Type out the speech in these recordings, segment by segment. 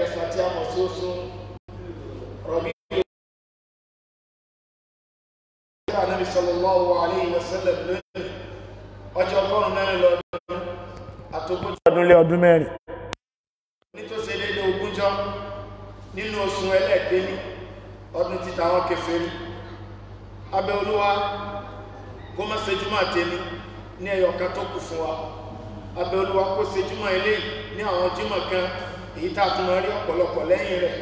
ẹ̀kẹfà tí a mọ̀ sí oṣù rọ̀bí ìlú ìlú ànábì sallallahu alayhi wa sallam lónìí ọjọ́ ọgọ́rùn-ún mẹ́rin lọ́dún àtòkójọ ọdún lé ọdún mẹ́rin nítòsí elédè ogúnjọ́ nínú oṣù ẹlẹ́ẹ̀kẹ́ni ọdún títà wọn kèfèrí abẹ́ olúwa gómọ́sẹ́júmọ́ àtẹ́ni ní ẹyọ̀kan tó kù fún wa abẹ́ olúwa kó ṣejúmọ́ eléyìí ní àwọn jímọ̀ kan èyí tá a tún máa rí ọ̀pọ̀lọpọ̀ lẹ́yìn rẹ̀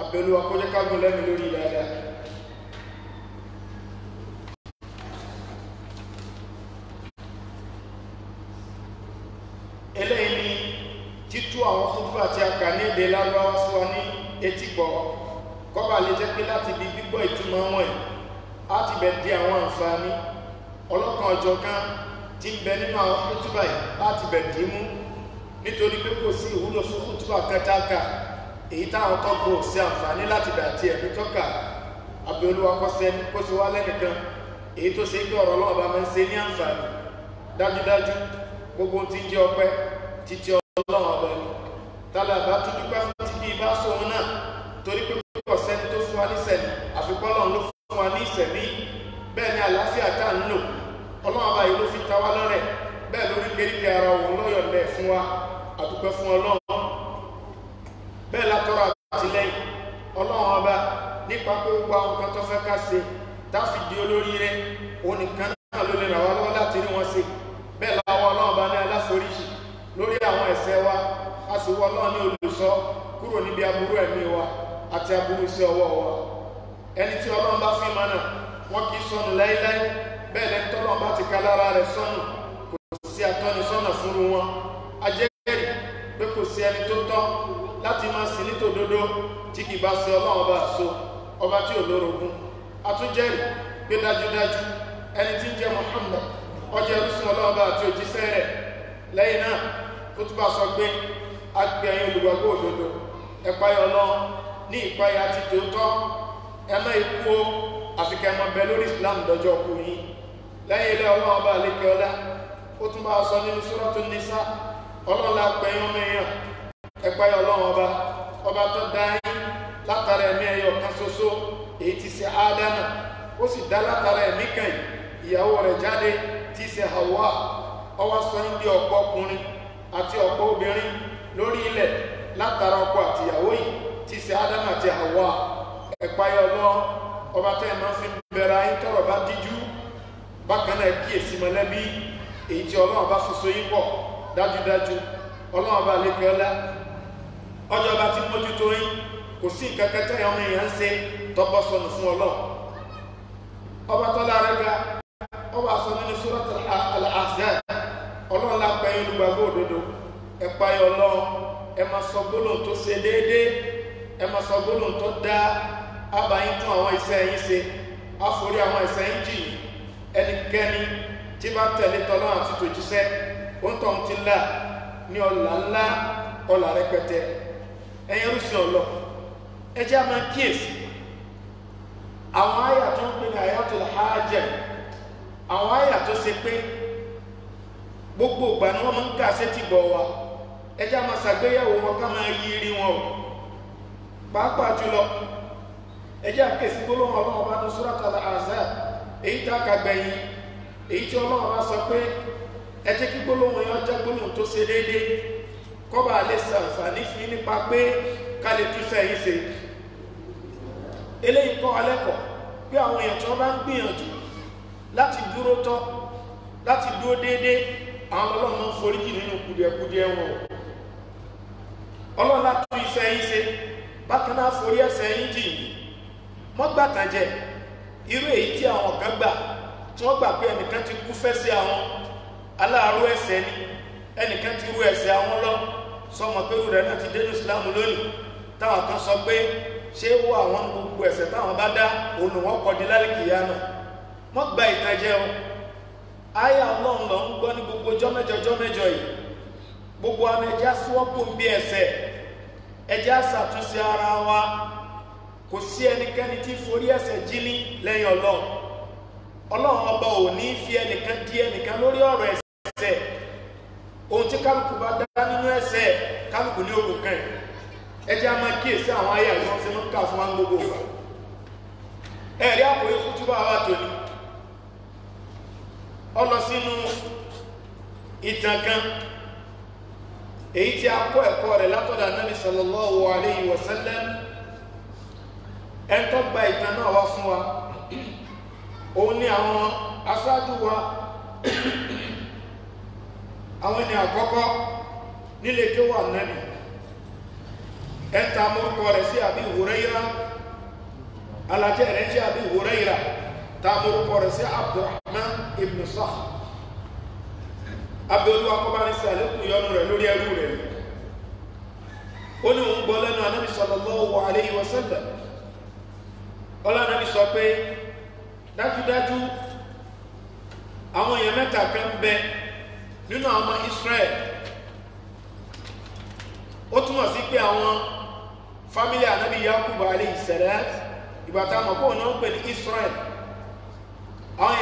abẹ́lú akójẹ́kágún lẹ́nu lórí dáadáa eléyìí ni títú àwọn fúnfà tí a kà ní èdè lágbáwá sí wa ní etígbọ̀ kọ́bà lè jẹ́ pé láti di gbígbọ́ ìtumọ̀ wọn ẹ̀ á ti bẹ̀ di àwọn àǹfààní ọlọ́kan ọjọ́ kan tí ń bẹ nínú àwọn fúnfà yìí á ti bẹ̀ dì mú nítorí pé kò sí ìwúlò fún kútùbà kẹtàkà èyí táwọn kan gbò sí àǹfààní láti dà tí ẹ̀mí tọ́ka àbíolúwa kọ́sẹ́ kó sì wá lẹ́nìkan èyí tó ṣe ń dọ̀rọ̀ ọlọ́run bá máa ń ṣe ní àǹfààní dájúdájú gbogbo ti ń jẹ́ ọpẹ́ títí ọlọ́run ọba ni tálà bá tún dúpẹ́ dájúdájú ẹni tí ń jẹ́ Muhammad ọjọ́ ẹrúsùn ọlọ́ọ̀bá àti òjíṣẹ́ rẹ̀ lẹ́yìn náà tó túbà sọ pé a gbé ẹ̀yin olùgbàgbọ́ òdodo ẹ̀páyà ọlọ́run ní ìpáyà ti tòótọ́ ẹmẹ́ ikú o àti bẹ lórí Islam dọjọ́ kú yín lẹ́yìn ilé ọlọ́ọ̀bá àlékè ọlá ó tún bá sọ nínú ọmọ ó sì dá látara ẹ̀mí kan ìyàwó rẹ̀ jáde tí í ṣe Hawa ọwá sọ ń di ọ̀pọ̀ ọkùnrin àti ọ̀pọ̀ obìnrin lórí ilẹ̀ látara ọkọ àtìyàwó yìí tí í ṣe Ádámù àti Hawa ẹ̀páyọ̀ lọ ọba tẹ́ ẹ̀ máa fi bẹ̀rẹ̀ ayé tọrọ bá díjú bákan náà kíyèsí mọ̀lẹ́bí èyí tí ọlọ́run bá soso yín pọ̀ dájúdájú ọlọ́run bá lè ti mójútó yín kò sí ọba tọ́lá rẹ̀ ga ọba sọ nínú suratul Ahzab ọlọ́run lápá yín olùgbàgbọ́ òdodo ẹ páyọ ẹ máa sọ gbólóhùn tó ṣe déédéé ẹ máa sọ gbólóhùn tó dá àbáyín tún àwọn iṣẹ́ yín ṣe àforí àwọn iṣẹ́ yín jì yín ẹnikẹ́ni tí bá tẹ̀lé àti àwọn àyà tó ń pè ní àyàtul hajj àwọn àyà tó se pé gbogbo ìgbà ni wọ́n máa ń sétí bọ̀ wa ẹjá máa ṣàgbéyẹ̀wò wọn ká máa yí rí wọn pàápàá jùlọ ẹjá kèsí gbólóhùn ọlọ́run bá ní suratul azab èyí ka a gbẹ̀yìn èyí tí ọlọ́run bá sọ pé kí gbólóhùn yẹn gbólóhùn tó déédéé kọ́ba eléyìí kọ́ alekọ pé àwọn èèyàn tí wọ́n bá ń gbìyànjú láti dúró tọ́ láti dúró àwọn foríjì nínú kùdìẹ̀kùdìẹ̀ wọn yín ṣe bákan náà forí ẹ̀ṣẹ̀ yín jì jẹ irú èyí tí àwọn kan gbà tí wọ́n gbà pé ẹnìkan ti ni ẹnìkan ti rú àwọn lọ sọmọ pé náà ti dénú ṣé ó àwọn gbogbo ẹsẹ táwọn bá dá òun wọn kọjú lálẹ́kìyà náà wọ́n gba ìtajẹ́ o ayé ọlọ́run lọ ń gbọ́ ní gbogbo jọ́mẹ́jọ jọ́mẹ́jọ yìí gbogbo àwọn ẹja síwọ́pọ̀ ń bí ẹ̀ṣẹ̀ ẹja ṣàtúnṣe ara wa kò sí ẹnikẹ́ni tí forí ẹ̀ṣẹ̀ jíní lẹ́yìn ọlọ́run ọlọ́run ọba ò ní fi ẹnìkan di ẹnìkan lórí ọ̀rọ̀ ẹ̀ṣẹ̀ ohun tí kálukú bá dá nínú ẹ̀ṣẹ̀ kálukú ní yìí ẹ jẹ́ a máa kíyèsí àwọn ayé àìsàn tí wọ́n ń kà fún gbogbo ìgbà ẹ̀rí àkòrí fún túbọ̀ àwa ọ lọ sínú ìtàn kan èyí tí a kọ́ ẹ̀kọ́ rẹ̀ látọ̀dọ̀ wa sallam ẹ̀ńtọ́ gba ìtàn náà wá fún wa òun ni àwọn aṣáájú wa àwọn ẹ ta morúkọ rẹ̀ sí àbí Hurayra alajẹ rẹ̀ sí àbí Hurayra ta morúkọ rẹ̀ sí Abdurrahman ibn Sakh abdulwa kọbanisi alekun yọnu rẹ̀ lórí ẹrú rẹ̀ ó ní òun gbọ́ lẹ́nu anábì sallallahu alayhi wa sallam ọlá anábì sọ pé dájúdájú àwọn èèyàn mẹ́ta kan ń bẹ nínú àwọn Israel ó túmọ̀ sí pé àwọn family anabi yakubu alayhi salam ìgbà tá a mọ̀ kóun náà ń pè ní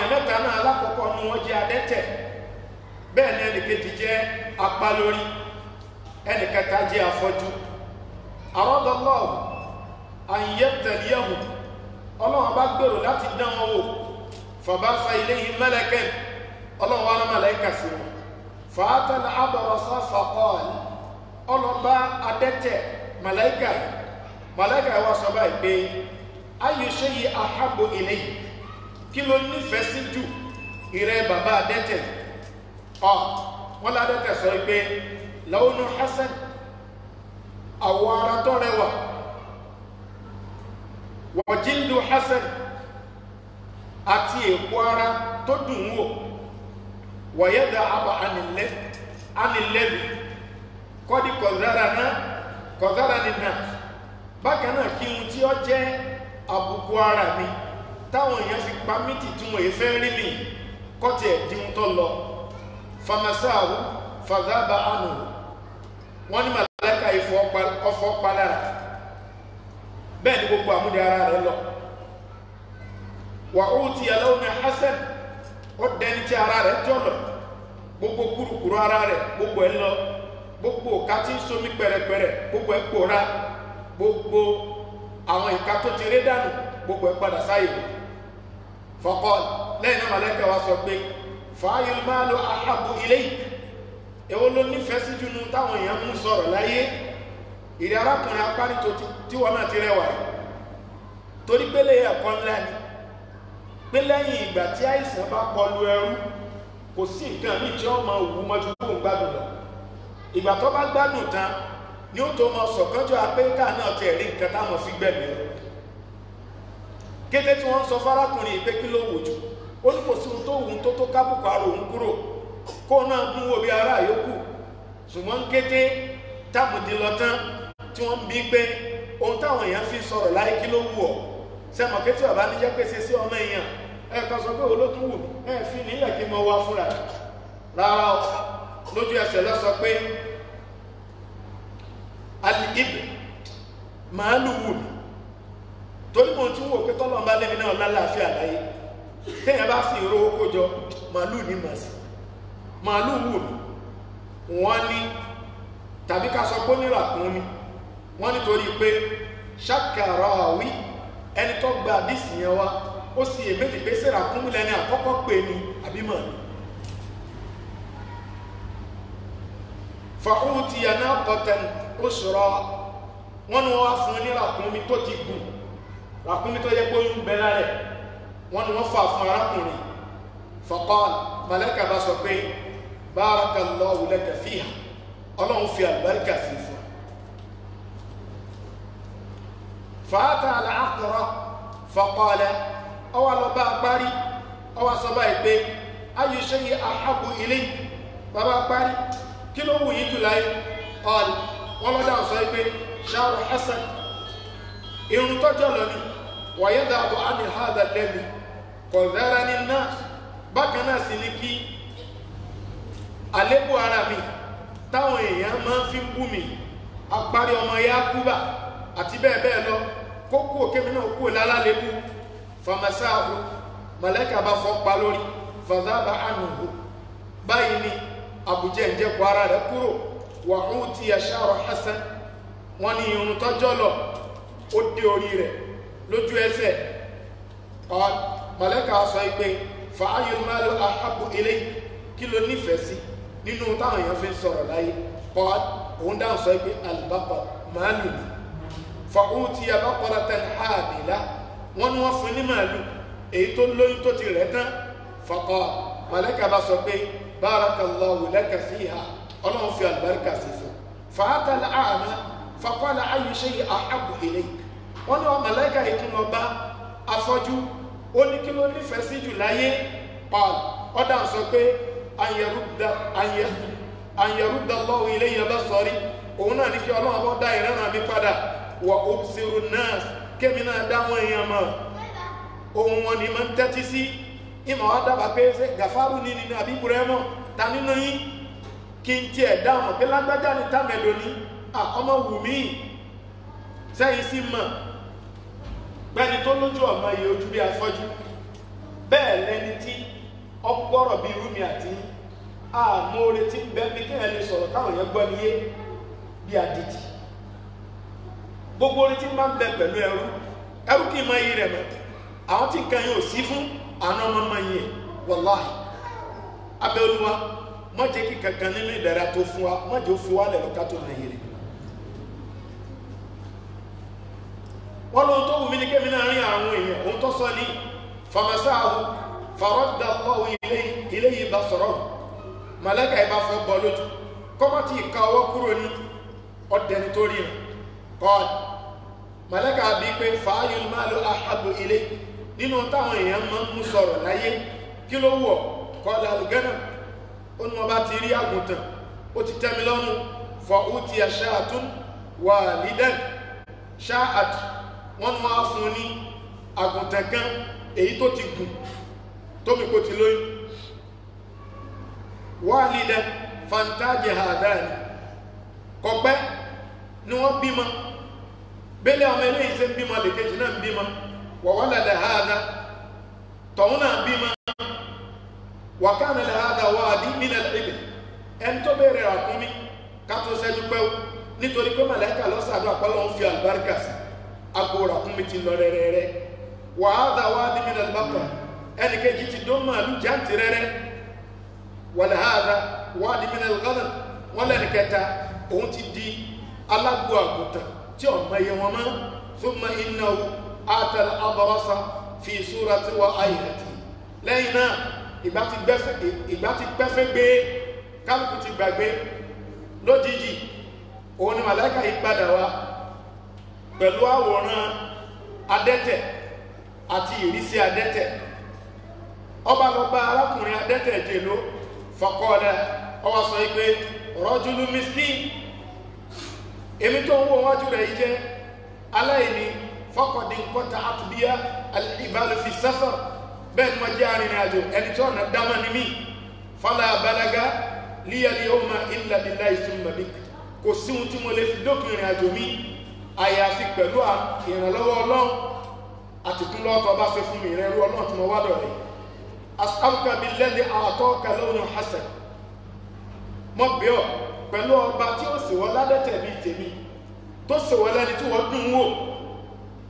ni wọ́n jẹ́ adẹ́tẹ̀ bẹ́ẹ̀ ni ẹnìkejì jẹ́ apalórí ẹnìkẹta jẹ́ afọ́jú àrọ́dọ́lọ́ọ̀ àyẹ̀tẹ̀lẹ́hù ọlọ́run bá gbèrò láti dán wọn fa fàbáfà ilé yìí mẹ́lẹ́kẹ́ ọlọ́run wa malaika. màláìka wa sọ báyìí pé ayé ṣe yí ahábo eléyìí kí ló nífẹ̀ẹ́ sí jù ìrẹ́ bàbá adẹ́tẹ̀ ọ wọ́n ládẹ́tẹ̀ sọ pé lọ́wọ́nù hasan àwọ̀ ara tó rẹwà wọ̀jíndù hasan àti èkó ara tó dùn wò wọ̀yẹ́dà àbà anilẹ́bì kọ́dí kọ̀zára náà kọ̀zára nìyà bákan náà kí n tí ó jẹ́ àbùkù ara mi táwọn èèyàn fi pa mí tì tí wọ́n èé fẹ́ rí mi kọ́tì ẹ̀dínwó tó lọ famasáàwù fàdábà ànú wọ́n ní màláìka ọfọ́ palára bẹ́ẹ̀ ni gbogbo àmúdi ara rẹ̀ lọ wà ó ti yàlọ́ ní hasan ó dẹni tí ara gbogbo ara rẹ̀ gbogbo ẹ̀ lọ gbogbo ká tí ń gbogbo pòórá. gbogbo àwọn ìka tó ti ré dànù gbogbo ẹ̀ padà sáyè wọn fọkọ lẹ́yìn náà màlẹ́kà wa sọ pé fàáyọ̀lù máa lo ahabu ilayk èwo ló nífẹ̀ẹ́ sí junu táwọn èèyàn mú sọ̀rọ̀ láyé ìrẹ́ arákùnrin apárí tí wọn náà ti rẹwà torí pélé ẹ̀kọ́ ńlá ni pé lẹ́yìn ìgbà tí àìsàn bá kọlu ẹrú kò sí nǹkan míì tí wọ́n máa wù mọ́jú kó gbádùn lọ ìgbà tó bá gbádùn tán ní ó tó mọ sọ̀kánjọ́ apẹ́ńtà náà tiẹ̀ rí nǹkan táwọn sí gbẹ̀mí rẹ̀ kété tí wọ́n sọ fárákùnrin pé kí ló wò jù ó ní kò sí ohun tó wù ú tó tó kábùkù àrò òun kúrò kó náà wo bí ara yòókù ṣùgbọ́n kété tábùdí lọ tán tí wọ́n bí pé ohun táwọn èèyàn fi sọ pé wù ẹ fi nílẹ̀ kí mo wá fúnra rárá lójú ẹsẹ̀ lọ sọ pé ali ibe wù mí torí mo tún wò pé tọ́lọ̀ bá lẹ́mi náà lálàáfíà láyé téèyàn bá sì rówó kójọ màálù ní màsí màálù wù mí wọ́n ní tàbí ká sọ pé nírà kún mi wọ́n nítorí pé ṣàkàrà àwí ẹni tó gba àdìsí yẹn wá ó sì èméjì pé sẹ́ra kún mi lẹ́ni àkọ́kọ́ pé ni àbí màálù usra wọ́n ní wọ́n wá fún ní ràkúnmí tó ti gùn ràkúnmí tó yẹ pé oyún bẹ lára ẹ̀ wọ́n ní wọ́n fà fún arákùnrin faqal màláíkà bá sọ pé barakallahu laka fiha ọlọ́run fi àlùbáríkà sí fún fàátà àlàákùnrọ̀ faqala ọwọ́ lọ bá parí ọwọ́ sọ báyìí pé ayyu shay'in ahabbu ilayk bàbá parí kí ló wù yí jù láyé ọ̀lẹ́ wọ́n lọ́dà sọ pé ṣáwọ̀ hasan irun tọ́jọ́ lọ ni wàyẹ́dà àbọ̀ àmì hàdà lẹ́nu kọ̀dára ní náà bákan náà sì ni kí àlébù ara mi táwọn èèyàn máa ń fi ń bú mi àparí ọmọ yakuba àti bẹ́ẹ̀ bẹ́ẹ̀ lọ kókó òkèmí náà kúrò lálálébù fàmásáàbù mọ̀lẹ́kà bá fọ́ pa lórí fàdábà ànùhù báyìí ni àbújẹ́ ìjẹ́kọ̀ ara rẹ̀ kúrò wàhún ti yàṣàrọ̀ hasan wọ́n ní irun tọ́jọ́ lọ ó dé orí rẹ̀ lójú ẹsẹ̀ mọ̀lẹ́kà sọ pé fàáyé mẹ́lú ahabu ilé kí ló nífẹ̀ẹ́ sí nínú táwọn èèyàn fi ń sọ̀rọ̀ láyé òun dáhùn sọ pé alùbápa màálù ni fàáhùn ti yàbápọ̀lá tẹ̀lé àbìlá wọ́n ní fún ní màálù èyí tó lóyún tó ti rẹ̀ tán fàkọ́ mọ̀lẹ́kà bá sọ pé bárakàlá wùlẹ́kà fíhà ọlọ́run fi àlùbáríkà sí fún fàákàlà àmà fàkọ́là ayùṣe àhàbù ilé wọn ni wọn màláìka ìkìlọ̀ bá afọ́jú ó ní kí ló nífẹ̀ẹ́ sí jù láyé paul ọ̀dà sọ pé àyẹ̀rúdà lọ́wọ́ ilé yẹn bá sọrí òun náà ní kí ọlọ́run bọ́ dá ìrẹ́ràn mi padà wà obsiru náà kémi náà dá wọn èèyàn mọ̀ ohun wọn ni máa ń tẹ́tí sí ìmọ̀ wá dábàá pé gàfárù ní nínú àbí burẹ́mọ̀ ta nínú yín kí n tiẹ̀ dáhùn pé lágbájá ní tàmẹ̀lò ní ọmọ wù mí sẹ́yìn sí mọ̀ pẹ́ni tó lójú ọmọ yìí ojú bí afọ́jú bẹ́ẹ̀ lẹni tí ọgbọ́rọ̀ bíi rúmi àti tí ń bí kéèyàn lè sọ̀rọ̀ táwọn yẹn gbọ́ níyé gbogbo tí ń ń bẹ pẹ̀lú ẹrú ẹrú kì í mọ iyì rẹ̀ mọ́ àwọn tí nǹkan ò sí má jẹ́ kí kankan nínú ìdára tó fún wa má jẹ́ ó fi wá lẹ̀ lọ́ka tó nà yẹrẹ. wọ́n lóhun tó wù mí ní kémi náà rìn àwọn èèyàn òun tó sọ ní fàmásàáhù fàrọ́dà lọ́wọ́ ilé yìí bá sọ̀rọ̀ màlẹ́kà ìbá fọ́ bọ́ lójú kọ́mọ́tì ìka ọwọ́ kúrò ní ọ̀dẹ̀ni tó rẹ̀ kọ́ọ̀dù màlẹ́kà bíi pé fàáyù máa ló ahábò ilé nínú táwọn èèyàn máa ń mú sọ̀rọ̀ láyé kí ló wù ọ́ kọ́ọ̀dù ó ọba ti rí àgùntàn ó ti tẹ́mi lọ́rùn fọ ó ti ẹ̀ṣẹ́ àtún wà lídẹ́n ṣá àtù wọ́n ní wọ́n á fún ní àgùntàn kan èyí tó ti gùn tómi kò ti lóyún wà lídẹ́n fantaji hadani kọ̀pẹ́ ni wọ́n bímọ bẹ́lẹ̀ ọmọ eléyìí ṣe ń bímọ lèkejì náà ń bímọ wọ̀wọ́lẹ̀lẹ̀ hada tọ̀hún náà bímọ wàkánà lè hádà wà ní nílẹ̀ ìbẹ̀ ẹni tó bèèrè àkúnmí kátó sẹ́jú pẹ́wú nítorí pé màlẹ́kà lọ́sàdó àpọ́lọ́ ń fi àlùbáríkà sí àpò ràkúnmí ti lọ rẹ́rẹ́rẹ́ wà hádà wà ní nílẹ̀ bàkà ẹni kejì ti dó màálù jáǹtì rẹ́rẹ́ wà lè hádà wà ní nílẹ̀ gánà wọ́n lẹ́ni kẹta òun ti di alágbó àgùntàn tí ọ̀mọ iye wọn mọ́ fún mọ́ iná àtàlà àbọ̀wọ́sà fi ìṣúra tí wọ́n ayé àti lẹ́yìn náà ìgbà ti pẹ́fẹ́ gbé kálùkù ti gbàgbé lójijì òun ni màláìka yìí padà wá pẹ̀lú àwòrán adẹ́tẹ̀ àti ìrísí adẹ́tẹ̀ ọba lọ bá arákùnrin adẹ́tẹ̀ jèló fọkọ́ọ̀lẹ̀ ọwọ́ sọ pé rọ́júlú miskin èmi tó ń wo wájú rẹ̀ yìí jẹ́ aláìní fọkọ̀dínkọ́ta àtúbíyá alìbálòfin sẹ́fọ̀ọ́ bẹ́ẹ̀ ni wọ́n jẹ́ arìnrìn àjò ẹni tí ọ̀nà dámà ní mí fala balaga líyàlí ọmọ illa billahi thumma bik kò sí ohun tí mo lè fi dókun ìrìn àjò mi àyàfi pẹ̀lú ìrànlọ́wọ́ ọlọ́run àtìkún lọ́kọ̀ bá fẹ́ fún mi ìrẹ́rú ọlọ́run tí mo wá dọ̀rẹ́ as'aluka billadhi a'taka lawna hasan mo bẹ̀ ọ́ pẹ̀lú ọba tí ó sì wọ́n ládẹ́tẹ̀ bíi tèmi tó sì wọ́n lẹ́ni tí wọ́n dùn wò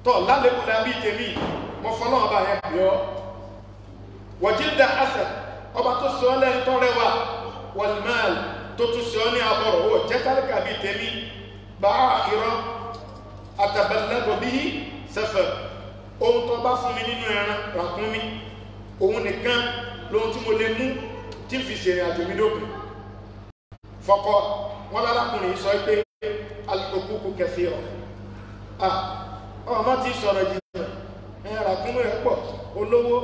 tọ̀ lálẹ́kùnlá bíi tèmi mo fọlọ́ọ̀ba yẹn bẹ̀ ọ́ wọ̀jídà asad ọba tó sọ lẹ́yìn tó rẹwà wọ̀lmáàl tó tún sọ ní abọ́rọ̀ ó jẹ́ tálíkà bíi tèmi bá irọ́ àtàbẹ̀lẹ́gbọ̀ bí sẹ́fẹ̀ ohun tó bá fún mi nínú ẹran ràkún mi òun nìkan lóhun tí mo lè mú tí fi ṣèrìn àjò mi dókun fọkọ wọn lárákùnrin sọ pé alùpùpù kẹfì ọ ọmọ ti sọ̀rọ̀ jù ẹ ràkún mi rẹ pọ̀ olówó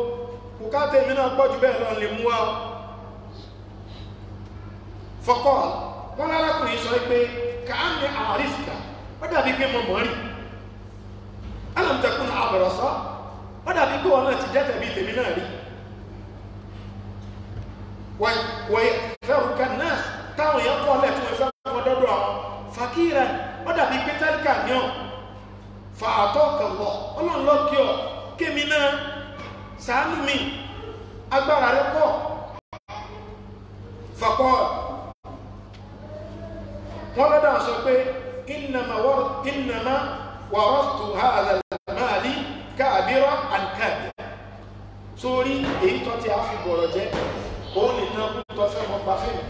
bùkátà èmi náà pọ̀jù bẹ́ẹ̀ lọ lè mú sọ pé káàmì àrísìkà ó dàbí pé mo mọ̀ rí alamtakun àbọ̀rọ̀sọ́ ó dàbí pé ti bí tèmi náà rí wọ́n fẹ́rùkà náà táwọn ya kọ́ lẹ̀ tí wọ́n fẹ́ fọ́ dọ́dọ̀ àwọn fàkíra ó dàbí pé ṣàánú mi agbára rẹ pọ̀ fàkọ́ wọ́n lọ́dà sọ pé innama wàrọ́tù hàzàmáàlì káàbírọ̀ àǹkàbí sórí èyí tó ti àfibọ̀rọ̀ jẹ́ òun nìkan kú tó fẹ́ mọ́ pa fẹ́mi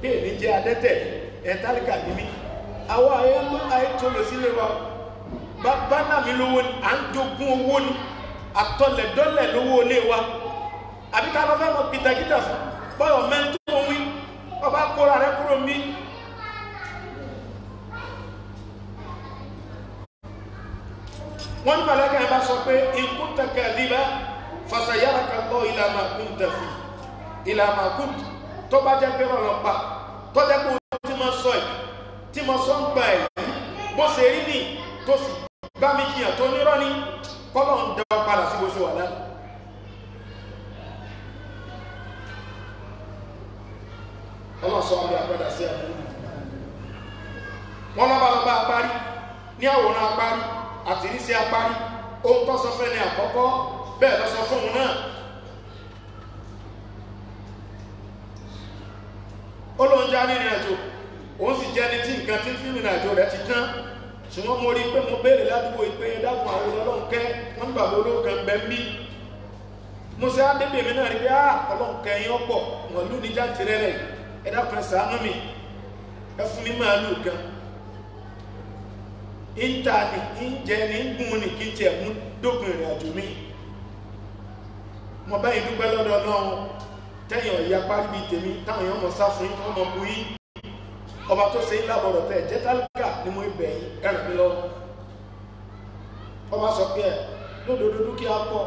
bí èmi jẹ́ adẹ́tẹ̀ ẹ̀tálíkà mímí àwọn ayé tó lè sílé wa bá bá náà lówó ni à ń jogún owó ni àtọlẹ̀dọ́lẹ̀ lówó le wa àbí ká lọ fẹ́ mọ pìtàkìtà bọ́yọ̀ mẹ́ńtò wí ọba kóra rẹ kúrò mí. wọ́n ní màláìka yẹn bá sọ pé ikú tẹ̀kẹ̀ lílá fasayára kan lọ ilà máa kún tẹ̀fì ilà máa kún tó bá jẹ́ pa tó jẹ́ pé o ti máa sọ yìí tí mo sọ ń gba ẹ̀ bó ṣe rí nì tó sì gbá mi jiyàn tó nírọ́ ni kọ́lọ̀ ń dá padà sí gbóṣe wà náà ọlọ́sọ ọmọ àpàdà sí àbúrú wọ́n lọ́ba lọ́ba apárí ní àwòrán apárí àti ní sí apárí ohun tó sọ fẹ́ ni àkọ́kọ́ bẹ́ẹ̀ lọ́sọ fún un náà ó lóun já nínú òun sì jẹ́ ní tí nǹkan tí ń fi nínú rẹ̀ ti tán ṣùgbọ́n mo rí i pé mo béèrè ládùúgbò pé dábò àwọn ọlọ́run kẹ́ wọ́n gbà lóró kan bẹ́ẹ̀ mí mo ṣe adébèmí náà rí bí ọlọ́run kẹ́ yín ọ̀pọ̀ wọ́n lù ní jántìrẹ́rẹ́ ẹ dákun ẹ ṣàánú mi ẹ fún mi máa lù kan ìta ni ìjẹ ni gùn ni kí n tiẹ̀ mú dókun ìrìn àjò mi mo bá yín dúpẹ́ lọ́dọ̀ ọlọ́run tẹ́yìn ọ̀yà parí bíi tèmi táwọn èèyàn mọ̀ sá fún yín ọba tó ṣe ìlàbọ̀rọ̀ tẹ̀ jẹ́ tálíkà ni mo ibẹ̀ yìí ẹ̀ràn mi lọ́wọ́ ọba sọ pé ẹ̀ lódodo dúkìá pọ̀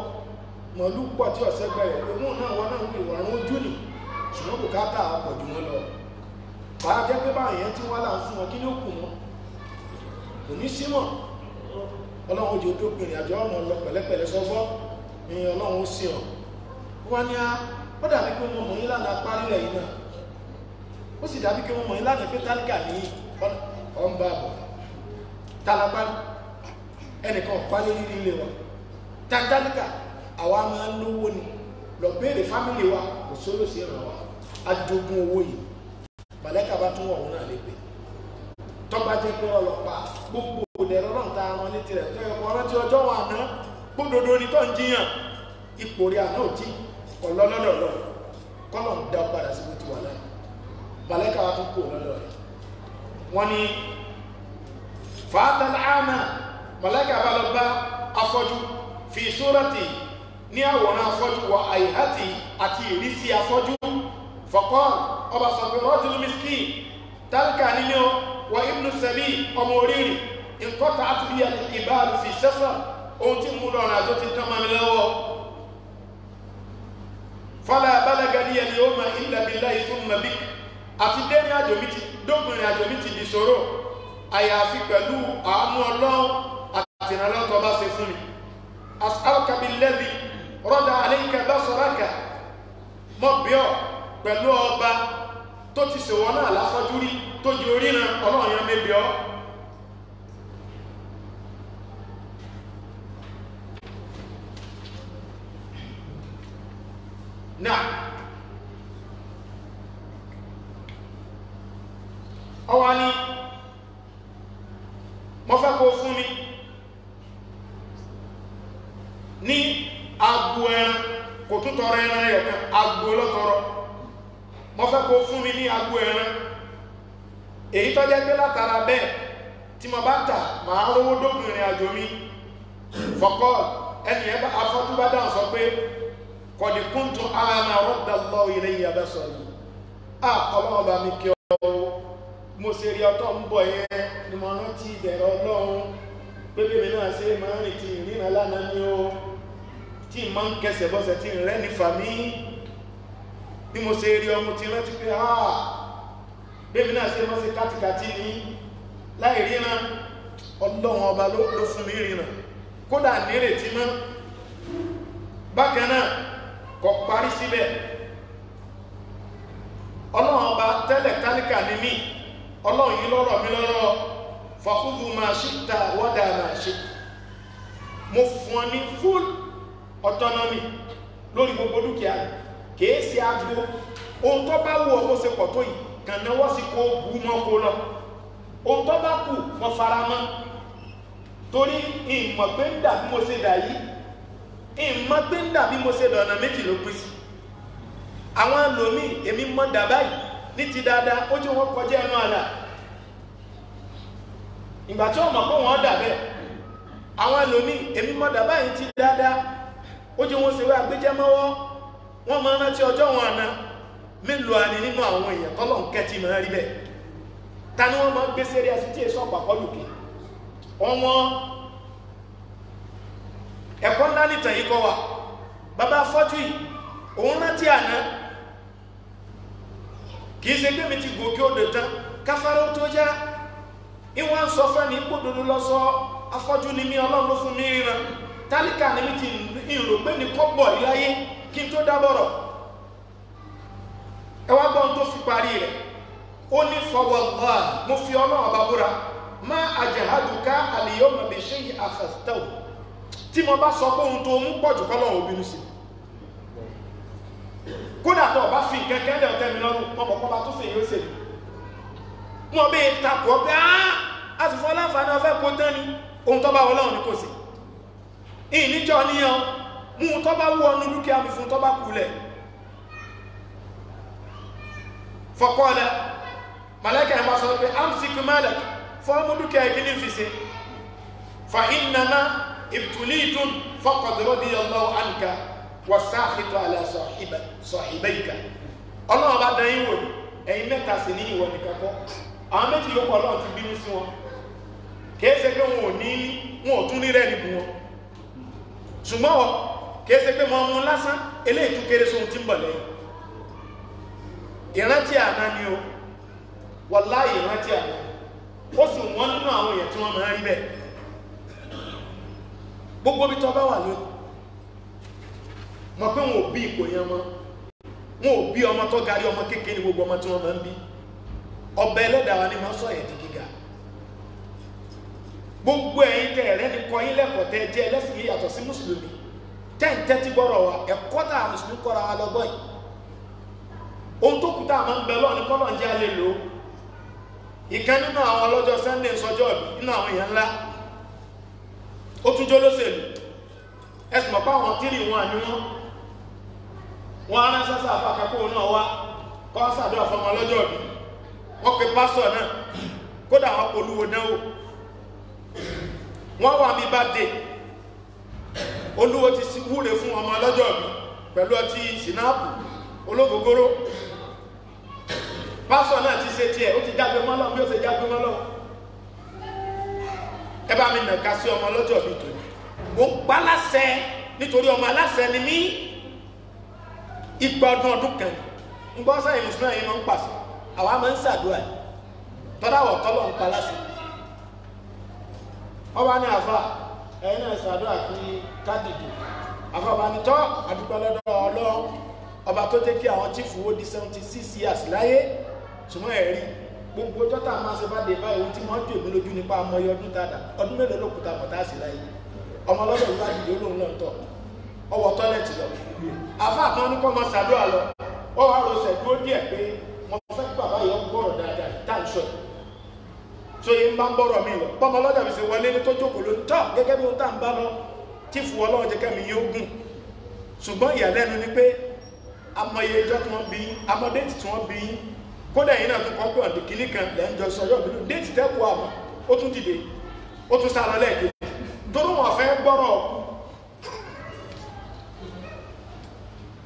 mọ̀lú pọ̀ tí ọ̀sẹ̀ bẹ̀rẹ̀ òun náà wọn náà wù ìwà ọ̀run ojú nì ṣùgbọ́n kò káàtà pọ̀ jù wọn lọ bàá jẹ́ pé báyìí yẹn tí wọ́n là ń fún wọn kí ni ó kù mọ́ kò ní sí mọ̀ ọlọ́run ojú tó gbìnrìn àjọ ọ̀nà lọ pẹ̀lẹ́pẹ̀lẹ́ sọ́gbọ́ ni ọlọ́run ó sì ọ̀ wọ́n ní á ah, ó dàbí pé mo mọ̀ yín lánàá parí rẹ̀ yìí náà ó sì dàbí kí wọ́n mọ̀ ìlànà pé tálíkà ní ọ̀nbà àbọ̀ tálápá ẹnìkan pálé nílé ilé wa tátálíkà àwa máa ń lówó ni lọ béèrè fámìlì wa kò sólò sí ìrànwá adógún owó yìí mọ̀lẹ́kà bá tún wọ̀ wọn náà lépè tọ́gbà jẹ́ pé ọlọ́pàá gbogbo òdẹ̀rọ̀ náà ta àwọn ní tirẹ̀ tó yẹ kó rántí ọjọ́ wa ná gbódodo ni tó ń jiyàn ipò rí àná òjì ọlọ́lọ́dọ̀ lọ kọ́lọ̀ ń dá padà sí bó ti wà láyé màlẹ́kà wa tún kò lọ́dọ̀ rẹ̀ wọ́n ní fàátàlá àmà màlẹ́kà bá lọ bá afọ́jú fi sóràtì ní àwòrán afọ́jú wọ àìhátì àti ìrísí afọ́jú fọ̀kọ́ ọba sọ̀pẹ̀ rọ́jùlú miskin tálíkà nílé wọ ibnu sẹ́bí ọmọ orírì nǹkan tá a ti rí ìbáàlù fi sẹ́fà ohun tí mú lọ́rùn àjọ ti tán máa lọ́wọ́ fọ́lá abálẹ́gà ní ẹni ó máa ilẹ̀ bí láì àti dẹ́rìn àjò mi ti dópinrin àjò mi ti di ṣòro àyàfi pẹ̀lú àánú ọlọ́run àti ìrànlọ́wọ́ tó bá ṣe fún mi as'aluka billadhi rada alayka basaraka mọ́ bíọ́ pẹ̀lú ọba tó ti ṣèwọ́ náà lásọ́jú rí tó di oríran ọlọ́run yẹn mẹ́bí ọ́ náà ọwá ní wọ́n fún mi ní agbo ẹran kò tún tọrọ ẹran ẹ̀yọ̀kan agbo lọ́tọrọ fún mi ní agbo ẹran èyí tọ́ jẹ́ pé látara bẹ́ẹ̀ tí mọ bá tà máa lówó dógùn ìrìn àjò mi fọ́kọ́ ẹni mo ṣe rí ń yẹn ni mo rántí ìbẹ̀rẹ̀ ọlọ́run pépé mi náà ṣe máa ń rìn tí ìrìnà o tí ì máa ń kẹsẹ̀ bọ́sẹ̀ mo ṣe rí ọmọ ti rántí pé ha bébí náà ṣe máa ṣe kátikàtí ní láì ríran ọlọ́run ọba ló fún mi ríran kódà nírètí mọ́ bákan náà ọba tẹ́lẹ̀ ọlọ́run yìí lọ́rọ̀ mi lọ́rọ̀ fàkúndùn máa ṣe ta wọ́dà máa ṣe mo fún ọ ní full autonomy lórí gbogbo dúkìá kìí ṣe àgbo ohun tó bá wù ọ bó ṣe pọ̀ tó yìí kàn náwó sí kó bu mọ́ kó lọ ohun tó bá kù mo fara mọ́ torí ìmọ̀ pé ń dà bí mo ṣe dà yìí ìmọ̀ ń dà bí mo ṣe dọ̀nà méjì ló pín sí àwọn lòmíì èmi mọ̀ dà báyìí n'i ti dáadáa ó jẹ́ wọ́n kọjá ẹnu àlà ìgbà tí wọ́n mọ̀ pé wọ́n dà bẹ́ẹ̀ àwọn ẹlòmíì èmi mọ̀ báyìí ti dáadáa ó jẹ́ wọ́n ṣèwé wọ́n rántí ọjọ́ wọn àná ni nínú àwọn èèyàn tọ́lọ̀ ń kẹ́tì ta ni wọ́n máa gbé sẹ́rí ẹsẹ̀ tí èso ẹ̀kọ́ ńlá nìtàn yìí bàbá kì í ṣe pé mi ti gòkè odò tán káfáró tó já ìwọ̀n ń sọ fẹ́ni gbódodo lọ́sọ afọ́jú ni mí ọlọ́run ló fún mi ríran tálíkà ni mi ti ìrò pé ní kọ́bọ̀ iláyé kí n tó dábọ̀rọ̀ ẹ wá gbọ́n tó fi parí rẹ̀ ó ní fọwọ́lá mo fi ọlọ́run ọba búra má àjẹ̀hádùká àlìyọ́mọ̀bẹ̀ṣẹ́ yìí àfẹ́sítẹ́wò tí mo bá sọ pé ohun tó mú pọ̀jù kọ́lọ́run obìnrin sí i kódà tó o bá fi kẹ̀kẹ́ dẹ̀ ọ̀tẹ́ mi lọ́rùn ọkọ̀ọ̀kọ̀ bá tó sì yóò ṣe wọn bẹ takò ọ pé a sì fọ́ láǹfààní ọfẹ́ kó tán ni ohun tó bá wọ lọ́rùn ni kò sí ìníjọ níyan mú tó bá wú ọnu dúkìá mi fún tó bá kulẹ̀ fọkọ́lẹ̀ màlẹ́kẹ̀ ẹ̀ máa sọ pé amsik mẹ́lẹ̀ fọ́ọ̀mù dúkìá ẹ̀ ní fi ṣe fa ìnana ìtùlí ìtùn fọkọ̀dúró ní ọlọ́wọ́ àǹkà wọ́n sáàkìtọ̀ àlẹ́ sọ̀hìbẹ́ìkà ọlọ́run bá dán yín wò ẹ̀yin mẹ́ta ní iwọ nìkan kọ́ àwọn méjì yòókù ti wọn ní wọn ò tún ní rẹ́ẹ̀lì bù wọn ṣùgbọ́n kìí ṣe pé wọn mú lásán gbogbo mọ̀ nwa obi ò bí ma yẹn mọ́ ọma ò bí ọmọ tó garí ọmọ gbogbo ọmọ tí wọ́n máa ń ni máa gbogbo ẹ̀yin tẹ ni kọ́ yín lẹ́kọ̀ọ́ tẹ jẹ́ yìí sí mùsùlùmí ti wa ẹ̀kọ́ tá a mùsùlùmí kọ́ra wa lọ́gbọ́n yìí ohun tó ń bẹ lọ́ọ̀ ni kọ́lọ̀ ń jẹ́ alẹ́ lò ó ìkan nínú àwọn ọlọ́jọ́ sọjọ́ nínú àwọn èèyàn ńlá ó tún ẹ̀sùn wọn á ránṣẹ́ sáfà kakó náà wá kọ́ sàdé ọ̀fọmọ lọ́jọ́ bí wọ́n pe náà kódà wọ́n polúwo náà wà mí bá dé olúwo ti wúre fún ọmọ pẹ̀lú ọtí sinapu ologogoro pásítọ̀ náà ti ṣe tiẹ̀ ó ti bí ó ṣe ẹ bá mi sí ọmọ lọ́jọ́ igba ọdún ọdún kan ń gbọ́ sáyẹn mùsùlùmí àyìn máa ń pàṣẹ àwa máa ń ṣàdúrà tọ́dáwọ̀ tọ́lọ̀ ń pa láṣẹ. wọ́n bá ní àfa ẹ̀yin náà ṣàdúrà kí kádìdì àfọ̀bánitọ́ àdúgbòlọ́dọ̀ ọlọ́run ọba tó jẹ́ kí àwọn chief wo di seventy six years láyé ṣùgbọ́n ẹ̀rí gbogbo ọjọ́ tá a máa ṣe bá dé báyìí ohun tí wọ́n dè mí lójú nípa amọ̀yẹ ọdún dáadáa ọdún mélòó ló kùtà mọ̀tá sí láyé ọmọ ọlọ́dọ̀ yìí bá dìde olóhùn náà tọ̀ ọwọ́ tọ́lẹ̀tì lọ àfa kan ní kọ́ máa ṣàdúrà lọ ó wá rọṣẹ̀ dúró díẹ̀ pé mo fẹ́ bàbá yẹn gbọ́rọ̀ dáadáa tá à ń sọ yìí tó yẹ ń bá ń bọ̀rọ̀ mi lọ bọ́mọ ọlọ́jà fi ṣe wọlé ní tó jókòó ló ń tọ́ gẹ́gẹ́ bí ohun tá à ń bá lọ tí fún ọlọ́run jẹ́ kẹ́mi yóò gùn ṣùgbọ́n ìyàlẹ́nu ni pé amọye ẹjọ́ tí wọ́n bí amọ déètì tí wọ́n bí kódà yìí náà tún kọ́ pé ọ̀dì kìíní kan lẹ́ ń jọ sọ yọ̀ bínú déètì tẹ́kù àmọ́ ó tún dìde ó tún sá lọ lẹ́ẹ̀kejì torí wọn fẹ́ gbọ́rọ̀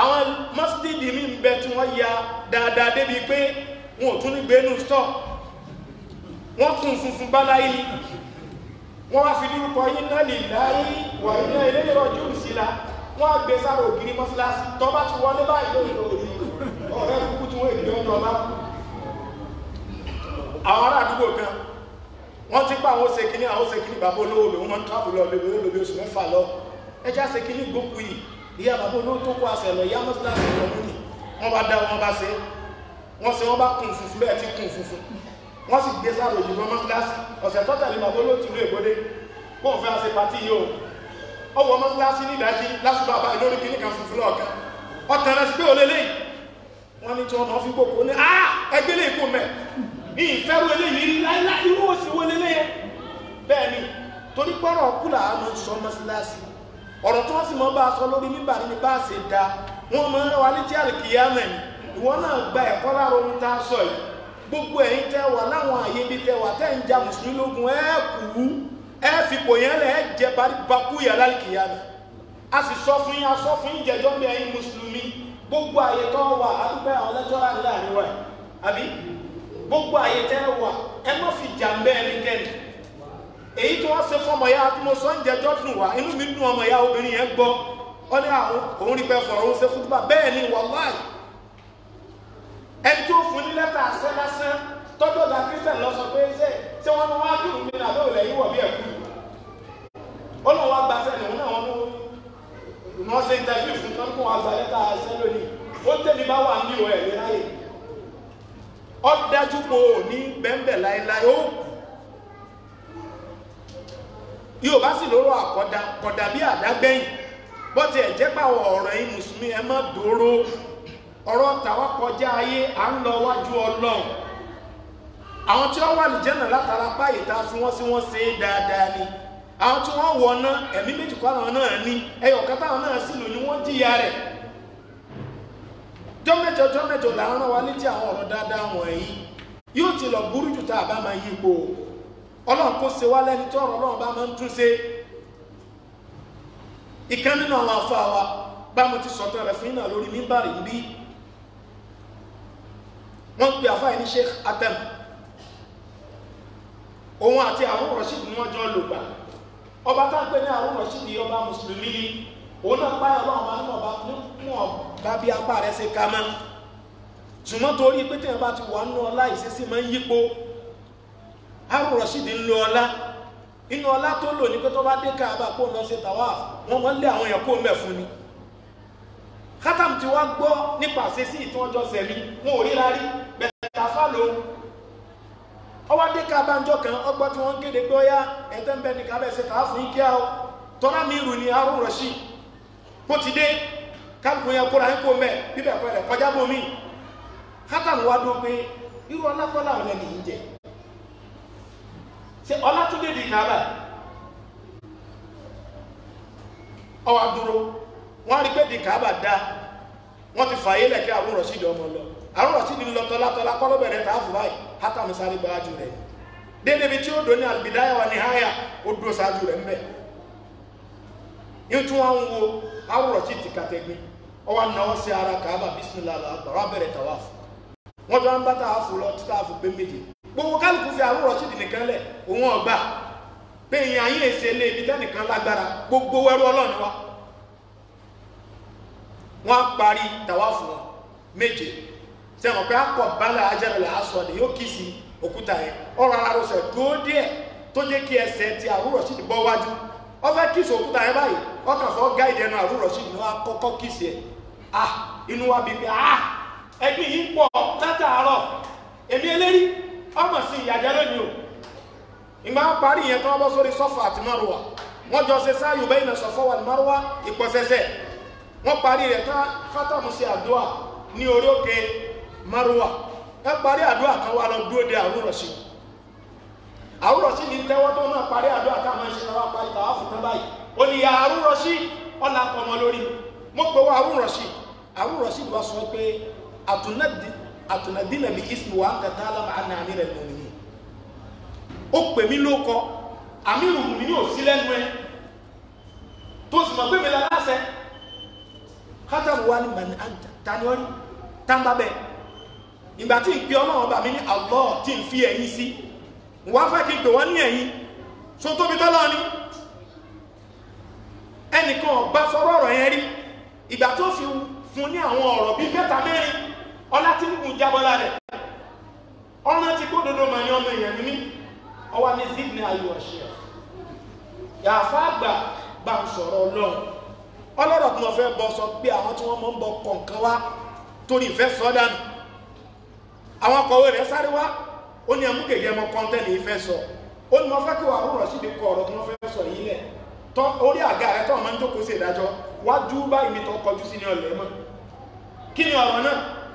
àwọn mọ́sídìdì mi ń bẹ tí wọ́n ya dáadáa débi pé wọn ò tún ní gbénú stọ̀ wọ́n kún funfun báláyé wọ́n wá fi dúrúkọ yín náà lè láyé wà ní ilé ìrọ̀jú ìsìlá wọ́n á gbé sára ògiri mọ́síláṣí tó bá ti wọlé báyìí lórí òní ọ̀rẹ́ kúkú tí wọ́n èdè ọ̀nà ọ̀la àwọn ará àdúgbò kan wọ́n ti pa àwọn ṣe kínní àwọn ṣe kínní bàbá olówó lòun máa ń tábù lọ lóbi olóbi oṣù mẹ́fà lọ ẹja ṣe kínní gbókù yìí ìyá bàbá olóò tó kó àṣẹ lọ ìyá mọ́síláṣí lọ mú ni wọ́n bá dá wọn bá se wọ́n ṣe wọ́n bá kùn funfun bẹ́ẹ̀ ti kùn funfun wọ́n sì gbé sáré òyìnbọn mọ́síláṣí ọ̀sẹ̀ tọ́tàlí bàbá olóò tìlú ègbódé wọ́n fẹ́ àṣẹ pàtí yìí o ọwọ́ mọ́síláṣí ní ìdájí lásùbà bá ìlórí kìíní kan funfun lọ́ọ̀kan ọ̀tẹ̀rẹ̀ sí pé ò lélẹ́yìn wọ́n ní tí wọ́n fi gbogbo ní àá ẹgbẹ́lẹ̀ ìkó mẹ́ ní ìfẹ́rú eléyìí láíláí irú òsì wo lélẹ́yìn bẹ́ẹ̀ ni torí pọ́rọ̀ kúlà á máa ń sọ mọ́síláṣí ọ̀rọ̀ tí wọ́n sì mọ́ bá a sọ lórí nígbà ní bá a ṣe da wọ́n mọ́ ẹ̀rọ wa ní tí àlìkìyàmẹ̀ ìwọ náà gba ẹ̀kọ́ lára ohun tá a sọ yìí gbogbo ẹ̀yin tẹ́ wà láwọn àyè ibi tẹ́ wà tẹ́ ń ja mùsùlùmí lógun ẹ kú ẹ fipò yẹn lẹ̀ ẹ jẹ bakú yà lálìkìyàmẹ̀ a sì sọ fún yín a sọ fún yín jẹjọ́ bí ẹ̀yin mùsùlùmí gbogbo àyè tó wà àdúgbò àwọn lẹ́jọ́ èyí tí wọ́n ṣe fọmọ ya tí mo sọ ń inú mi dùn ọmọ ya obìnrin yẹn gbọ́ ọ ní àwọn òun rí pé sọ̀rọ̀ òun ṣe fún gbà bẹ́ẹ̀ ni wàláì ẹni tó fún ní lẹ́tà àṣẹ lásán tọ́jú ọ̀dà kristian lọ sọ pé ṣé ṣé wọ́n ní wọ́n á dùn nàbẹ́ òlẹ̀ yìí bí ẹ̀kú ó lọ wá gbàṣẹ nìhun náà wọn ṣe interview fún tán yorùbá sì si àkọ́dá kọ̀dà bí àdágbẹ́yìn bó tiẹ̀ jẹ́ pàwọ̀ ọ̀rọ̀ yìí mùsùlùmí ẹ má dòró ọ̀rọ̀ tàwa kọjá ayé à ń lọ wájú ọlọ́run àwọn tí wọ́n wà ní jẹ́nà látara páyì sí ṣe é dáadáa ni àwọn tí wọ́n wọ̀ ná ẹ̀mí méjì kọ́ àwọn náà ní ẹyọ kẹta àwọn náà sì lò ní wọ́n jìyà rẹ̀ làwọn wa létí àwọn ọ̀rọ̀ dáadáa wọ̀nyí yóò ti lọ burú ọlọ́run kó ṣe wá lẹ́ni tí ọ̀rọ̀ ọlọ́run bá máa ń tún ṣe ìkan nínú àwọn afọ àwa bá mo ti sọ̀tọ̀ rẹ̀ fún iná lórí mímbàrì ń bí wọ́n ń pe àfa ẹni Sheikh Atem òun àti àwọn rọ̀ṣìdì ni wọ́n jọ lò gbà ọba tá à ń pè ní àwọn rọ̀ṣìdì ọba mùsùlùmí ni òun náà páyà ọlọ́run máa ń mọ̀ bá mú ọba bí apá rẹ̀ ṣe ka mọ́ ṣùgbọ́n torí pé téèyàn bá ti wà nínú ọlá ìṣesí máa ń yípo Abu dị ń ọla ọlá inú ọlá tó lò ní pé tó bá dé káàbà kó lọ sí tàwa wọn mọ lé àwọn èèyàn kó mẹ ni khatam ti wá gbọ́ nípa àṣesí ìtúnjọ sẹ̀mí wọn ò ríra rí bẹ̀tà fálo ọwọ́ dé káàbà kan tí o tọ́lá mi rù ní ti dé kálukú yẹn kóra ń kó mẹ bíbẹ̀ pẹ̀lẹ̀ kọjá bómi ṣe ọlátúndé di kàábà ọwà dúró wọ́n rí pé di kàábà dá wọ́n ti fàyè lẹ̀kẹ́ àrùn rọ̀ṣídì ọmọ lọ àrùn rọ̀ṣídì lọ tọ́látọ́lá kọ́ ló bẹ̀rẹ̀ tààfù báyìí hátàmù sáré gbájú bi tí ní wa sáájú rẹ mbẹ. wọn wo sí ara bá lọ méje gbogbo kálukú fi àwọn rọ̀ṣídì nìkan lẹ̀ òun ọgbà pé èèyàn ayé èsè ibi lágbára gbogbo ẹrú ọlọ́run wa wọ́n parí tàwáfù wọn méje sẹ́wọ̀n pé bala ajẹ́rẹ̀lẹ̀ asọ̀lẹ̀ yóò kì í òkúta yẹn ọ̀rọ̀ ara rọ̀ṣẹ̀ dúró tó kí ẹsẹ ti wájú òkúta yẹn báyìí ọkàn gáìdì ẹnu ah inú wa ah yìí èmi ọmọ sí ìyàjẹ́ lónìí o ìgbà parí yẹn tó wọ́n bọ́ sórí sọ́fà àti márùwà wọ́n jọ ṣe sáyù bẹ́yìn náà sọ̀fọ́ wà ní márùwà ìpọ̀sẹ̀sẹ̀ wọ́n parí rẹ̀ tán kátàmù sí àdúà ní orí òkè márùwà ẹ parí àdúà kan wà lọ dúró de àwúrọ̀ sí àwúrọ̀ sí ní tẹ́wọ́ tó náà parí àdúà táwọn ṣe náà wá parí tàwa fún tán báyìí ó ní àwúrọ̀ sí ọ̀là kọmọ lórí mo pè wọ́n àwúrọ̀ sí àwúrọ̀ sí sọ pé àtúnẹ́dì àtùnàdínà bí ismi wa anta ta'lam anna amira al-mu'minin ó pè mí ló kọ amíru mùmíní ò sí lẹ́nu ẹ tó sì mọ̀ pé mi lálásẹ kátàmù wa ni màní àǹtà tani ọ́ ní bẹ́ẹ̀ ìgbà tí n pe ọlọ́run ọba mi ní Allah tí n fi ẹ̀yìn sí n wá fẹ́ kí n pè wọ́n ní ẹ̀yìn so tóbi tọ́lọ́ ni ẹnìkan ọ̀gbà sọ̀rọ̀ ọ̀rọ̀ yẹn rí ìgbà tó fi fún ní àwọn ọ̀rọ̀ bíi mẹ́ta mẹ́rin ọlá tí ń gun jábọ́lá rẹ̀ ọ̀ràn ti gbódodo mà ní ọmọ èèyàn mímí ọwọ́ ní zidni ayò ọ̀ṣẹ́ yàfa àgbà gbà ń sọ̀rọ̀ ọlọ́run ọlọ́rọ̀ tí wọ́n fẹ́ bọ sọ pé àwọn tí wọ́n mọ̀ ń bọ kọ̀ọ̀kan wá torí ìfẹ́ sọ dànù àwọn akọ̀wé rẹ̀ sáré wá ó ní ẹmú gègé ẹmọ kọ́ńtẹ́ẹ̀lì ìfẹ́ sọ ó ní wọ́n fẹ́ kí wàá rúrọ̀ síbi kọ ọ̀rọ̀ tí wọ́n fẹ́ sọ yìí lẹ̀ tọ́ orí àga rẹ̀ tọ́ ọmọ ń jókòó sí ìdájọ́ wájú báyìí ni tọ́ kọjú sí ní ọ̀lẹ́ mọ́ kí ni ọ̀rọ̀ náà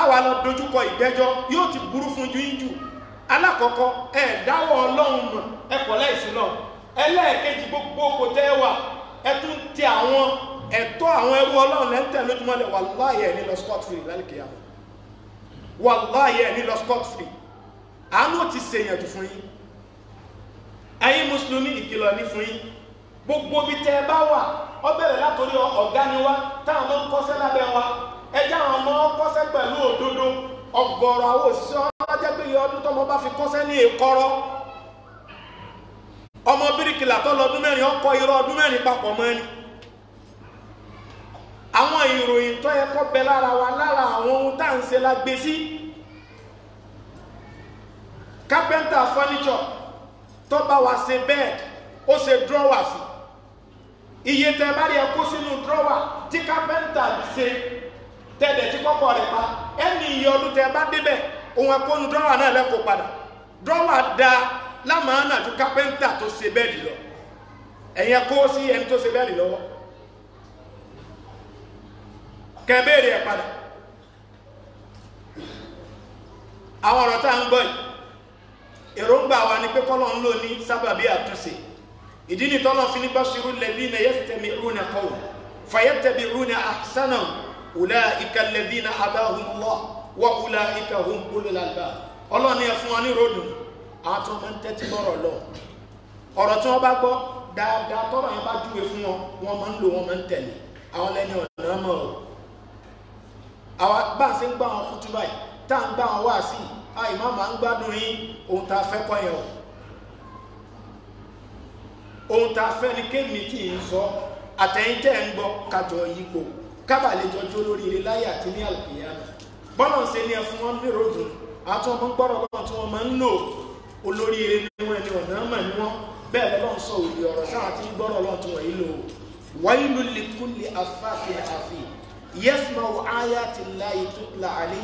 àwa lọ dojúkọ ìgbẹ́jọ́ yóò ti burú fún ju yín alákọ̀ọ́kọ́ ẹ dáwọ́ ọlọ́run mọ̀ ẹ ẹlẹ́ẹ̀kejì gbogbo kò tẹ́ wà ẹ tún ti àwọn ẹ̀tọ́ àwọn ẹrú ọlọ́run lẹ́ lójúmọ́ lẹ̀ ní lọ scott free àmọ́ ní lọ scott free àánú ti ẹjẹ́ àwọn ọmọ kọ́ṣẹ́ pẹ̀lú òdodo ọgọ́rọ̀ àwọn òṣìṣẹ́ ọlọ́jẹ́ pé iye ọdún tọ́mọ bá fi kọ́ṣẹ́ ní ìkọ́rọ́ ọmọ bíríkìlà tó lọ́dún mẹ́rin ọkọ̀ irọ́ ọdún mẹ́rin papọ̀ mọ́ ẹni àwọn ìròyìn tó yẹ kó bẹ lára wa lára àwọn ohun tá à ń ṣe la gbé sí kápẹ́ntà furniture tó bá wa ṣe bẹ́ẹ̀d ó ṣe dúrọ́wà sí iye tẹ bá rí ẹ kó sínú dúrọ́wà tí kápẹ́ntà ṣe tẹ́lẹ̀ tí kọ́kọ́ rẹ̀ pa ẹni iye ọdún tẹ́ bá débẹ̀ ohun akónu dọ́wà náà lẹ́kọ̀ọ́ padà dọ́wà da lámàánà ju kápẹ́ńtà tó ṣe bẹ́ẹ̀dì lọ ẹ̀yẹn kó sí ẹni tó ṣe bẹ́ẹ̀dì lọ́wọ́ kẹ́bẹ́ẹ̀rẹ̀ ẹ̀ padà àwọn ọ̀rọ̀ tá à ń gbọ́ yìí èròǹgbà wa ni pé kọ́lọ̀ ń lò ní sábàbí àtúnṣe ìdí nìtọ́lọ́ fi ní bá ṣirú lẹ́bí na yẹ́sítẹ́mi rúnà kọ́wọ̀ fàyẹ́tẹ́mi rúnà àṣánà ulaika alladhina hadahumullah wa ulaika hum ulul albab ọlọ́run ni ẹ fún wọn ní ròdù àwọn tí wọ́n máa ń tẹ́tí lọ́rọ̀ lọ ọ̀rọ̀ tí wọ́n bá gbọ́ dáadáa tọ́rọ̀ yẹn bá júwe fún wọn wọ́n máa ń lò wọ́n máa ń tẹ̀lé àwọn lẹ́ni ọ̀nà mọ̀ ọ́ àwọn bá a ṣe ń gbá àwọn kútu báyìí tá à ń gbá àwọn wáàsí àì má máa ń gbádùn yín ohun tá a fẹ́ kọ́ yẹn o ohun tá a fẹ́ ni kéèmì tí ì ń sọ àtẹ̀yìn tẹ́ ń gbọ́ kájọ yípo kábàlẹ̀ jọjú olórí ilé láyé àti ní àlùkìyà bọ́nà ṣe ní ẹfun wọn lè rògùn àti ọmọ gbọ́rọ̀ lọ́wọ́ tí wọ́n máa ń lò olórí ilé ní wọn ẹni ọ̀nà mọ̀ ní wọn bẹ́ẹ̀ lọ́lọ́run sọ òye ọ̀rọ̀ sáà tí gbọ́rọ̀ lọ́wọ́ tí wọ́n yìí lò wáyé ló lè kú lè afáfẹ́ àfi yẹ́sùmọ̀ wọ ayé àti láyé tó la àlẹ́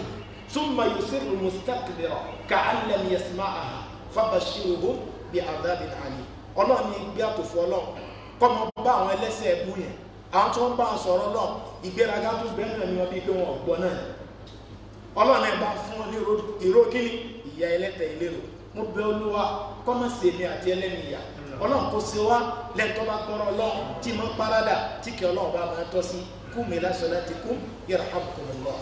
túmọ̀ yóò sí mùsítàkìlẹ̀rọ̀ ká alẹ́m yẹ́sùmọ̀ àwọn tó ń bá sọ̀rọ̀ lọ ìgbéraga tó bẹ́ẹ̀ ní ọdún pé wọn ọ̀gbọ́n náà ọlọ́run ẹ̀ bá fún ọ ní ìró kíni ìyá ẹlẹ́tẹ̀ ìlérò mo bẹ olúwa kọ́mọ̀sì èmi àti ẹlẹ́mi ìyá ọlọ́run kò ṣe wá lẹ́tọ́ bá gbọ́rọ̀ ọlọ́run tí mo ń parada tí kì ọlọ́run bá máa tọ́ sí kú mi lásán láti kú yàrá àbùkù lọ́wọ́.